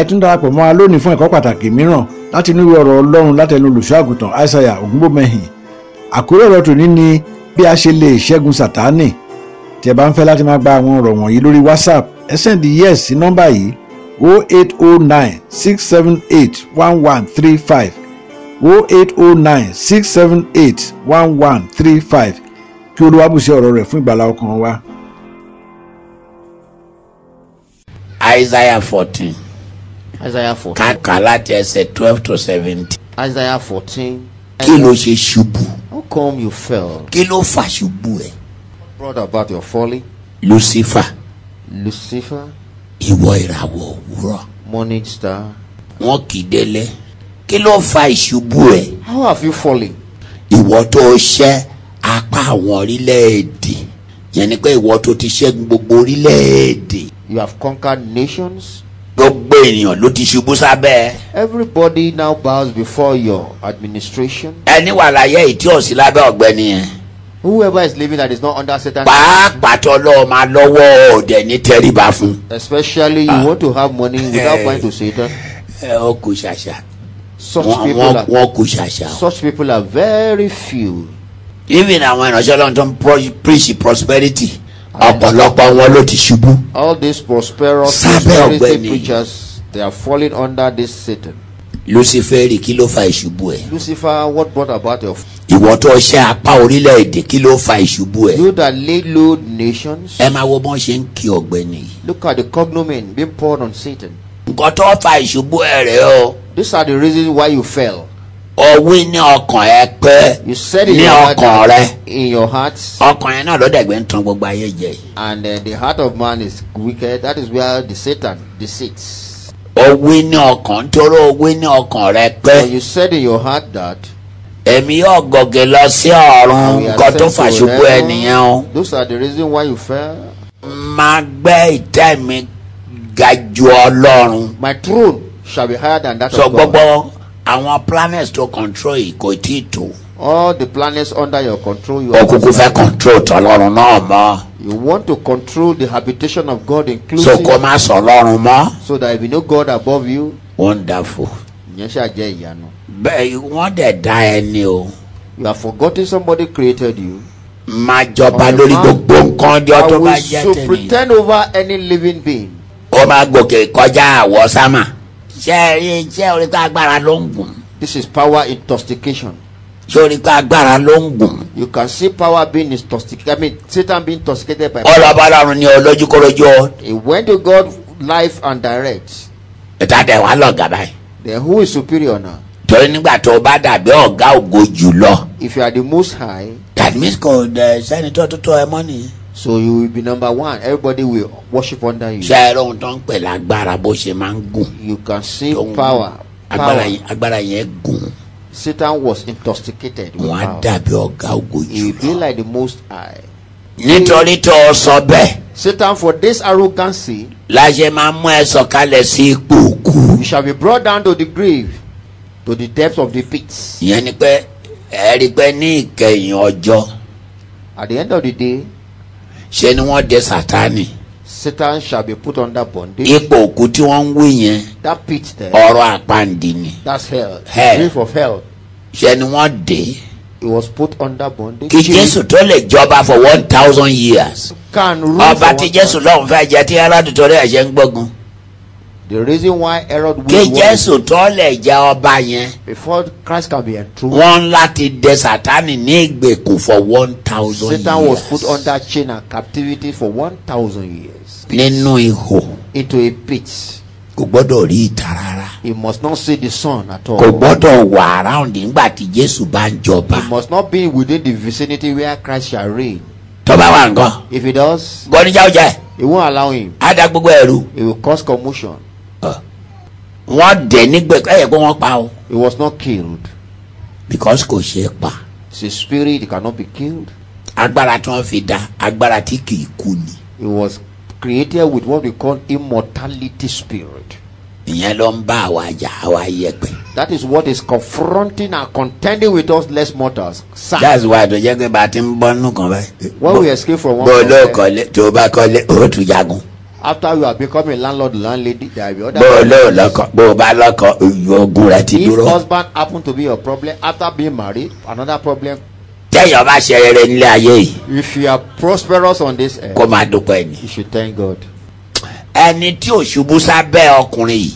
ẹ tún darapọ̀ mọ́ a lónìí fún ẹ̀kọ́ pàtàkì mìíràn láti inú ọ̀rọ̀ ọlọ́run látẹnu olùṣọ́àgùtàn àìsàyà ògúnbòmẹ́hìn àkórí ọ̀rọ̀ tòní ni bí a ṣe lè ṣẹ́gun sàtánì tí ẹ bá ń fẹ́ láti máa gba àwọn ọ̀rọ̀ wọ̀nyí lórí whatsapp ẹ sẹ́ndì yes sí nọ́mbà yìí 08096781135 08096781135 kí olúwa ọ̀rọ̀ rẹ̀ fún ìgbàlá ọkàn wa. Isaiah 14. Isaiah 14. Kàkà láti ẹsẹ̀ twelve to seventeen. Isaiah 14. Kilo ló ṣe How come you fell? Kilo fa shubu ẹ? Brought about your folly. Lucifer. Lucifer. Ìwọ ìràwọ̀ òwúrọ̀. Morning star. Wọ́n kì Kilo délé. fa shubu ẹ? How have you fallen? Ìwọ tó ṣẹ́ apá àwọn orílẹ̀-èdè. Yẹn ni pé ìwọ tó ti gbogbo orílẹ̀-èdè. You have conquered nations. gbogbo ènìyàn ló ti ṣubú sábẹ́. everybody now bows before your administration. ẹni wà láyé ìtí òsì lábẹ́ ọ̀gbẹ́ni yẹn. whoever is living that is not under Satan. pàápàá tọ́lọ́ máa lọ́wọ́ òde ní tẹríba fún. especially you ah. want to have money without eh. going to Satan. ẹ eh, ó kú ṣàṣà. such one, people one, are wọ́n ṣàṣà. such people are very few. even àwọn ìránṣẹ́ ọlọ́run tó ń preach prosperity ọ̀pọ̀lọpọ̀ wọn ló ti ṣubú. all these prosperous prosperity preachers they are falling under this satan. lucifer kí ló fa ìṣubú ẹ. lucifer what brought about your. ìwọ tó ṣe apá orílẹ̀-èdè kí ló fa ìṣubú ẹ. you that lay low nations. ẹ máa wo bọ́n ṣe ń kí ọ̀gbẹ́ni. look at the cognomen being poured on satan. nǹkan tó fa ìṣubú ẹ rẹ o. these are the reasons why you fell o wí ní ọkàn ẹ pé ní ọkàn rẹ ọkàn yẹn náà ló dẹ̀gbẹ́ ń tan gbogbo ayé jẹ. and uh, the heart of man is wicked that is where the Satan deceits. o wí ní ọkàn tóró o wí ní ọkàn rẹ pé. you said in your heart that. èmi yóò gòkè lọ sí ọ̀run nǹkan tó fàṣubú ẹnìyẹn o. those are the reasons why you fell. máa gbé ìtẹ́ mi ga ju Ọlọ́run. my throne shall be higher than that so, of God. sọ gbogbo àwọn planets tó control yìí kò tí tó. all the planets under your control. You ó kúkú fẹ́ control tọ́lọ́run náà mọ́. you want to control the habitation of God inclusive. so kó má sọ ọlọ́run mọ́. so that if you know God above you. wonderful. ìyẹn ṣàjẹ́ ìyanu. bẹ́ẹ̀ wọ́n dẹ̀ dá ẹni o. you have forgotten somebody created you. máa jọba lórí gbogbo nǹkan di ọdún bá jẹ́ tèmi. I will so pretend over any living being. ó máa gòkè kọjá àwọ̀ sámà ṣe rí ṣe orí agbára ló ń gùn. this is power intoxication. ṣé orí agbára ló ń gùn. you can see power being intoxicated I mean Satan being intoxicated by. ọlọ́ba ọlọ́run ni ọlójúkọlójú. he went to God life and direct. ìta tẹ wá lọ gàdá yìí. then who is superior now. torí nígbà tó o bá dàbí ọ̀gá ògo jù lọ. if you are the most high. that means kò eh, sẹ́ni tó tó tó ẹ mọ́ nìyí so you will be number one everybody will worship under you. ṣé ohun tó ń pè lágbára bó ṣe máa ń gùn. you can see Don't, power. agbára yẹn yẹn gùn. satan was intoxicated with power. wọ́n á dàbí ọ̀gá ògo he be like the most high. nítorí tó o sọ bẹ́ẹ̀. satan for this arrogancy. láṣẹ máa mú ẹ sọ̀kalẹ̀ sí ipò òkú. you shall be brought down to the grave to the depth of the pit. ìyẹn ni pé ẹ̀rí pé ní ìkẹyìn ọjọ́. at the end of the day ṣe ni wọ́n dẹ sátani. Satan shall be put under bondage. ipò òkú tí wọ́n ń wé yẹn. that pit there. ọ̀rọ̀ àpáǹdì ni. that's hell. hell grief of hell. ṣe ni wọ́n dé. he was put under bondage. kí Jésù tó lè jọba for one thousand years. can rule for one thousand. ọba tí Jésù lọ́hùn fẹ́ jẹ́ tí aládùúgbò rẹ̀ ṣe ń gbógun the reason why Herod will kí Jésù tó lè jẹ ọba yẹn. before Christ can be enthroned. wọ́n láti dè Sátánì ní ìgbèkùn for one thousand years. Satan was put under chain and captivity for one thousand years. nínú ihò. into a pit. kò gbọ́dọ̀ rí ìta rárá. he must not see the sun at all. kò gbọ́dọ̀ wà around nígbà tí Jésù bá ń jọba. he must not be within the vicinity where Christ shall reign. tó bá nǹkan. if he does. gọ́nijà ó jẹ́. he won't allow him. á dá gbogbo ẹ̀rú. he will cause commotion wọ́n dẹ̀ nígbẹ̀ ẹ yẹ kó wọ́n pa o. he was not killed. because kò ṣeé pa. it's a spirit it cannot be killed. agbára tí wọ́n fi dá agbára tí kì í kú ni. he was created with what we call immortality spirit. ìyẹn ló ń bá àwa jà àwa yẹpẹ. that is what is confronting and contending with us less mortals. That is why tó jẹ́ pé bá a ti ń bọ́ nù kan báyìí. when we escape from one. bó o lóò kọ́lé tó bá kọ́lé o tún jagun after you are becoming landlord landlady there will be other. bó o lọ lọkọ bó o bá lọkọ ti dúró. if husband happen to be your problem after being married another problem. téèyàn bá ṣe rere nílé ayé yìí. if you are prosperous on this earth. kó máa dúpẹ́ ni. you should thank God. ẹni tí ò ṣubú sábẹ́ ọkùnrin yìí.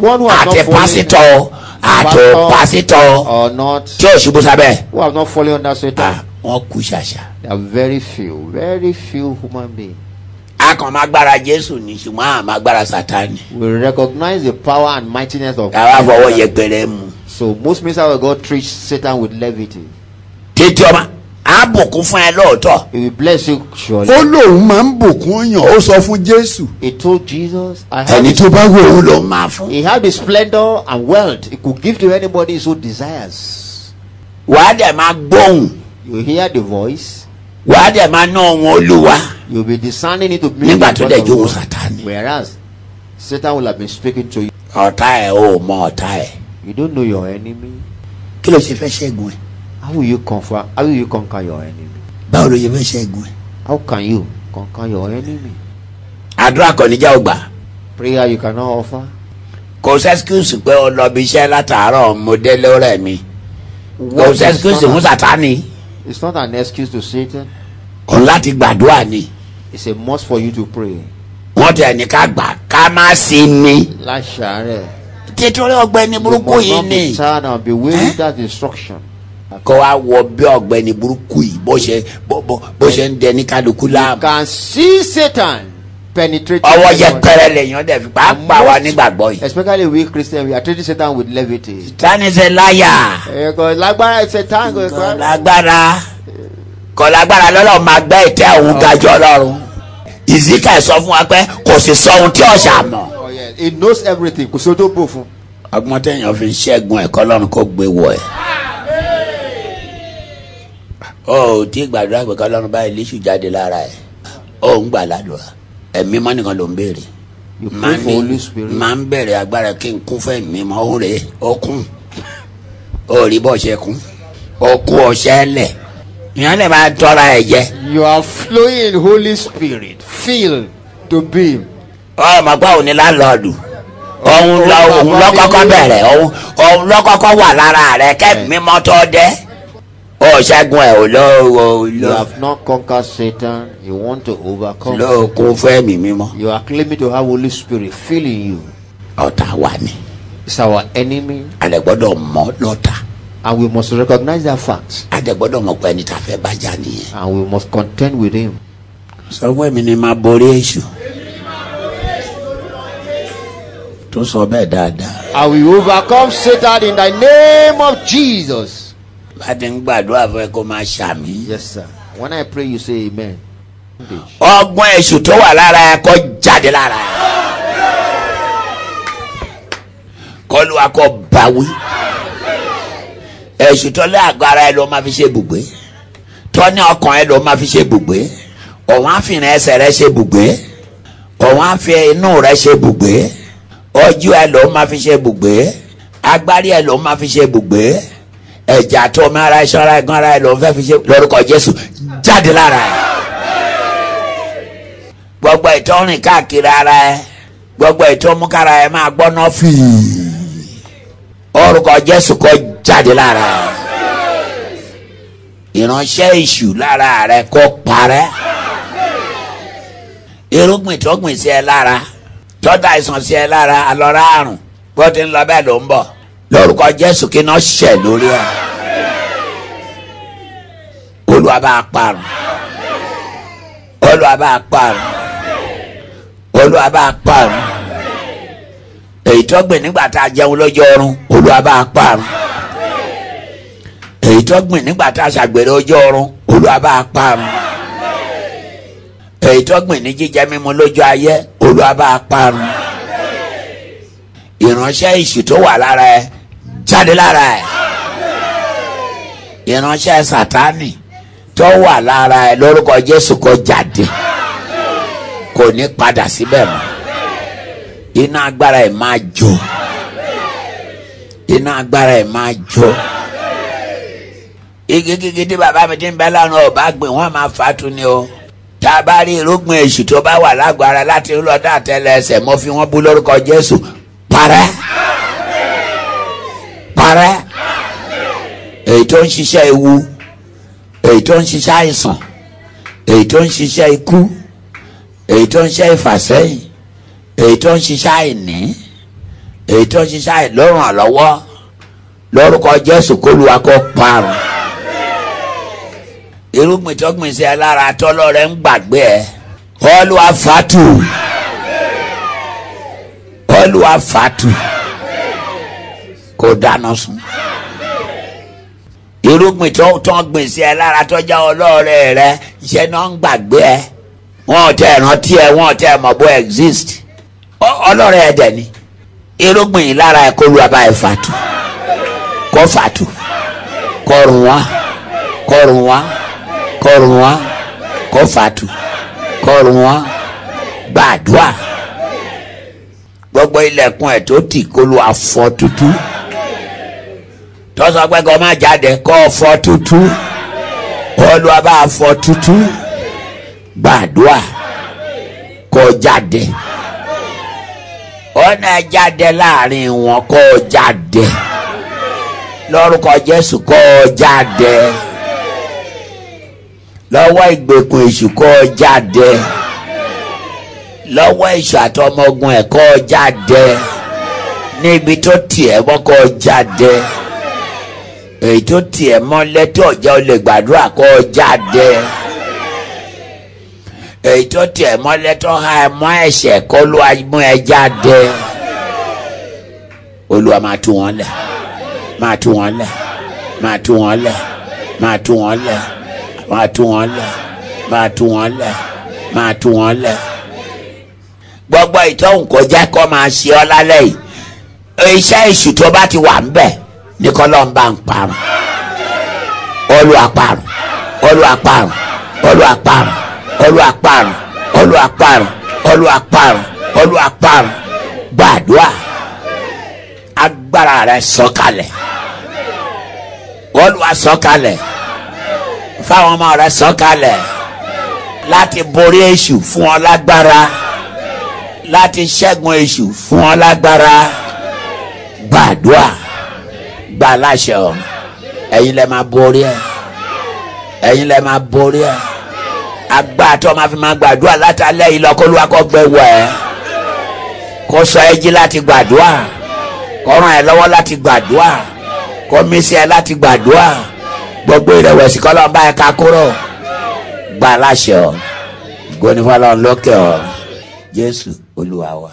one who has not fallen. àti pásítọ̀ àti pásítọ̀ tí ò ṣubú sábẹ́. who has not fallen under Satan. ah wọn kú ṣàṣà. there are very few very few human beings a kàn máa gbára jésù ni ṣùgbọ́n a máa gbára sátani. we recognize the power and mightiness of. káwá fọwọ́ yẹpẹrẹ mu. so most ministers of God treat Satan with levity. tètè ọmọ a bùkún fún ẹ lóòótọ́. he will bless you surely. ó lóun máa ń bùkún yàn ó sọ fún jésù. he told Jesus. ẹni tó bá wò ó ló máa fún. he had the splendour and wealth he could give to anybody he so desires. wàá dẹ̀ máa gbóhùn. you hear the voice wàá dẹ̀ máa ná wọn olúwa. you be discerning it to bring nígbà tó dẹ̀ jóun sátani. whereas satan will have been speaking to you. ọ̀tá ẹ̀ o mọ ọ̀tá ẹ̀. you don't know your enemy. kí ló ṣe fẹ́ ṣẹ́gun ẹ̀. how will you conquer how will you conquer your enemy. báwo ló ṣe fẹ́ ṣẹ́gun ẹ̀. how can you conquer your enemy. àdúrà kò ní já ọgbà. prayer you cannot offer. kò sẹ́skúùsì pé ó lọ bí iṣẹ́ látàárọ̀ mo délé rẹ̀ mi kò sẹ́skúùsì fún sátani it's not an excuse to Satan. kọ́ láti gbàdúrà ni. it's a must for you to pray. wọ́n tẹ̀ ní ká gbà ká má ṣe ni. láṣàárẹ̀. tètè ọ̀gbẹ́ni burúkú yìí ni. you must not be tired and be wary of that instruction kọ́ wa wọ bí ọ̀gbẹ́ni burúkú yìí bó ṣe bó ṣe ń dẹni kálukú láàmú. you can see Satan penetrating. ọwọ́ yẹpẹrẹ lèèyàn dẹ̀ fi pàápàá wa nígbàgbọ́ yìí. especially we Christians we are treating Satan with levity. Satan is a liar. ẹ̀kọ́ eh, lágbára ẹ̀ Satan. ẹ̀kọ́ lágbára kọ́ lágbára lọ́lọ́ máa gbẹ́ ìtẹ́ òun gajọ́ lọ́rùn. ìzíkà sọ fún wa pé kò sì sọ ohun tí ọ̀ṣà mọ̀. Oh, he knows everything kò sí ohun tó bò fún. ọgbọ́n téèyàn fi ṣẹ́gun ẹ̀kọ́ lọ́run kó gbé wọ ẹ̀ o ò tí gbàdúrà pé kọ́lọ́run báyìí léṣù jáde lára ẹ̀ ó ń gbà ládùúrà ẹ̀mí mọ́ nìkan ló ń béèrè máa ń bẹ̀rẹ̀ agbára kí n kún fẹ́ mi mọ́ ó rè é ó kún ó rí bọ́ ṣe kún ó kú ọṣẹ́ lẹ̀ ìyẹn lè máa tọ́ra ẹ̀ jẹ. you are flowing holy spirit feel to be. ọ ma gbọ́ òní lálọ́ọ̀dù òun lọ́kọ́kọ́ bẹ̀rẹ̀ òun lọ́kọ́kọ́ wà lára rẹ̀ kẹ́mi mọ́tọ́ dẹ́ o oh, ṣẹ́gun ẹ̀ ò lọ o lọ. you have not conquered Satan you want to overcome. lọ kún fún ẹ̀mí mímọ́. you are claiming to have Holy Spirit filling you. ọ̀tá wa ni. it's our enemy. alẹ́ gbọ́dọ̀ mọ̀ lọ́tà. and we must recognize that fact. alẹ́ gbọ́dọ̀ mọ̀ pé ẹni tá a fẹ́ bá nìyẹn. and we must contend with him. sọ fún mi ni máa borí èṣù. tó sọ bẹ́ẹ̀ dáadáa. I will overcome Satan in the name of Jesus bá ń gbàdúrà fún ẹ kó máa ṣàmì. yes sir when i pray you say amen. ọgbọ́n èṣù tó wà lára ẹ kó jáde lára ẹ kọlùwà kó báwí èṣù tó lé àgọ́ ara ẹ ló máa fi ṣe bùgbé tó ní ọkàn ẹ ló máa fi ṣe bùgbé ọ̀wọ́n àfihàn ẹsẹ̀ rẹ ṣe bùgbé ọ̀wọ́n àfihàn inú rẹ ṣe bùgbé ojú ẹ ló máa fi ṣe bùgbé agbárí ẹ ló máa fi ṣe bùgbé ẹ̀jà tó ọmọ ara iṣan ara ẹ̀gán ara ẹ̀ lọ́n fẹ́ fi ṣe lórúkọ Jésù jáde lára ẹ̀ gbogbo ìtọ́rìn káàkiri ara ẹ̀ gbogbo ìtọ́múkára ẹ̀ máa gbọ́ná fìí orúkọ Jésù kó jáde lára ẹ̀ ìránṣẹ́ ìṣù lára rẹ̀ kó parẹ́ irúgbìn tó gbìn sí ẹ lára tọ́ta ìsàn sí ẹ lára alọ́ra àrùn bó ti ń lọ bẹ́ẹ̀ ló ń bọ̀ lórúkọ jésù kí náà ṣẹ lórí ẹ olúwa bá parun olúwa bá parun olúwa bá parun èyí tó gbìn nígbà tá a jẹun lọ́jọ́ ọrùn olúwa bá parun èyí tó gbìn nígbà tá a ṣàgbèrè ọjọ́ ọrùn olúwa bá parun èyí tó gbìn ní jíjẹ mímu lójú ayé olúwa bá parun ìránṣẹ́ ìṣù tó wà lára ẹ jáde lára ẹ̀ ìránṣẹ́ sátánì tó wà lára ẹ̀ lórúkọ Jésù kó jáde kò ní padà síbẹ̀ mọ́ iná agbára ẹ̀ máa jó iná agbára ẹ̀ máa jó igi gígí tí bàbá mi ti ń bẹ lánàá ọba gbìn wọn máa fatu ni o tá a bá rí irúgbìn èṣù tó bá wà lágbo ara láti lọ dá àtẹlẹ ẹsẹ̀ fi wọn bú lórúkọ Jésù parẹ́. èyí tó ń ṣiṣẹ́ ewu èyí tó ń ṣiṣẹ́ àìsàn èyí tó ń ṣiṣẹ́ ikú èyí tó ń ṣe ìfàsẹ́yìn èyí tó ń ṣiṣẹ́ àìní èyí tó ń ṣiṣẹ́ àìlọ́rùn àlọ́wọ́ lórúkọ Jésù kólúwa kó parun irúgbìn tọ́gbìn sí ẹ lára tọ́lọ́ rẹ ń gbàgbé ẹ Olúwa fàtù Olúwa fàtù kò dáná sun irúgbìn tó tán gbìn sí ẹ lára tó jẹ́ olóore rẹ iṣẹ́ náà ń gbàgbé ẹ wọn ò tẹ rántí ẹ wọn ò tẹ mọ̀ bó exist olóore ẹ dẹ̀ ni irúgbìn yìí lára ẹ kó lu abá ẹ fàtú kó fàtú kó rùn wá kó rùn wá kó rùn wá kó fàtú kó rùn wá gbàdúrà gbogbo ilẹ̀kùn ẹ̀ tó tì kó lu afọ tutù tó sọ pé kó má jáde kó fọ́ tútú Olúwa bá fọ́ tútú gbàdúrà kó jáde ọ̀nà jáde láàrin wọn kó jáde lórúkọ Jésù kó jáde lọ́wọ́ ìgbèkùn èṣù kó jáde lọ́wọ́ èṣù àtọmọgun ẹ̀ kó jáde níbi tó tiẹ̀ mọ́ kó jáde ètò tiẹ̀ mọ́ lẹ́tọ̀ ọ̀jẹ́ ò lè gbàdúrà kọ́ jáde ètò tiẹ̀ mọ́ lẹ́tọ̀ ha ẹ̀ mọ́ ẹ̀ṣẹ̀ kọ́ ló mú ẹ jáde olúwa máa tú wọn lẹ̀ máa tú wọn lẹ̀ máa tú wọn lẹ̀ máa tú wọn lẹ̀ máa tú wọn lẹ̀ máa tú wọn lẹ̀ máa tú wọn lẹ̀ gbogbo ìtọ́hùn kọjá kọ́ máa ṣe ọ́ lálẹ́ yìí iṣẹ́ èṣù tó bá ti wà ń bẹ̀ ní kọ́lọ́n bá ń parun olùwàparun olùwàparun olùwàparun olùwàparun olùwàparun olùwàparun olùwàparun gbàdúrà agbára rẹ sọ̀kalẹ̀ olùwà sọ̀kalẹ̀ fáwọn ọmọ rẹ sọ̀kalẹ̀ láti borí èṣù fún ọ lágbára láti ṣẹ́gun èṣù fún ọ lágbára gbàdúrà gbà láṣẹ o ẹ̀yin lẹ máa borí ẹ ẹ̀yin lẹ máa borí ẹ agbá tó máa fi máa gbàdúrà látàlẹ́ yìí lọ́kọ́lùwà kọ́ gbẹ wọ ẹ kó sọ ẹ jí láti gbàdúrà kó ràn ẹ lọ́wọ́ láti gbàdúrà kó mí sí ẹ láti gbàdúrà gbogbo ìrẹ̀wẹ̀sì kọ́ lọ́ọ́ ẹ ká kúrò gbà láṣẹ o gbóni fọlọ́n lókè o Jésù Olúwa wa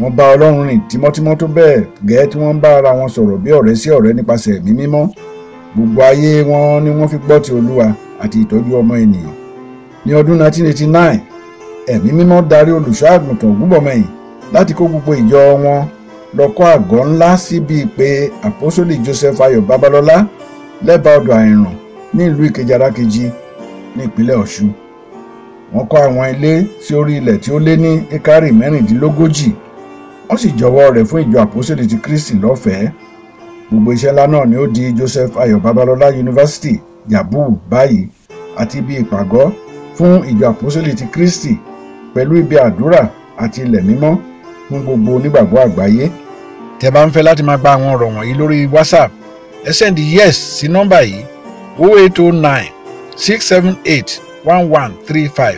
wọ́n bá ọlọ́run rìn tímọ́tímọ́ tó bẹ́ẹ̀ gẹ́ẹ́ tí wọ́n ń bá ara wọn sọ̀rọ̀ bí ọ̀rẹ́ sí ọ̀rẹ́ nípasẹ̀ ẹ̀mí mímọ́ gbogbo ayé wọn ni wọ́n fi gbọ́ ti olúwa àti ìtọ́jú ọmọ ènìyàn ní ọdún 1989 ẹ̀mí mímọ́ darí olùṣọ́ àgùntàn ògúnbọ̀mọyìn láti kó gbogbo ìjọ wọn lọ kọ́ àgọ́ ńlá síbi pé àpọ́sólì joseph ayọ̀ babalọ́lá lẹ́bàá ọ̀dọ̀ àìràn ní ìlú ìkejì arákejì ní ìpínlẹ̀ ọ̀ṣun wọ́n kọ́ àwọn ilé sí orí ilẹ̀ tí ó lé ní wọ́n sì jọwọ́ rẹ̀ fún ìjọ àpòsílì ti kristi lọ́fẹ̀ẹ́ gbogbo iṣẹ́ ńlá náà ni ó di joseph ayọ̀ babalọ́lá yunifásitì yabu báyìí àti ibi ìpàgọ́ fún ìjọ àpòsílì ti kristi pẹ̀lú ibi àdúrà àti ilẹ̀ mímọ́ fún gbogbo onígbàgbọ́ àgbáyé tẹ́ bá ń fẹ́ láti máa gba àwọn ọ̀rọ̀ wọ̀nyí lórí whatsapp ẹ sẹ́ndì yes sí nọ́mbà yìí 0809 678 1135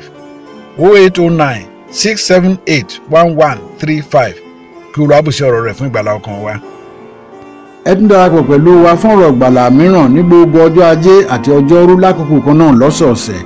0809 678 1135 kí olúwa bùsí ọ̀rọ̀ rẹ̀ fún ìgbàlá ọkàn wa. ẹ tún darapọ̀ pẹ̀lú wa fún ọ̀rọ̀ ìgbàlá mìíràn ní gbogbo ọjọ́ ajé àti ọjọ́rú lákòókò kan náà lọ́sọ̀ọ̀sẹ̀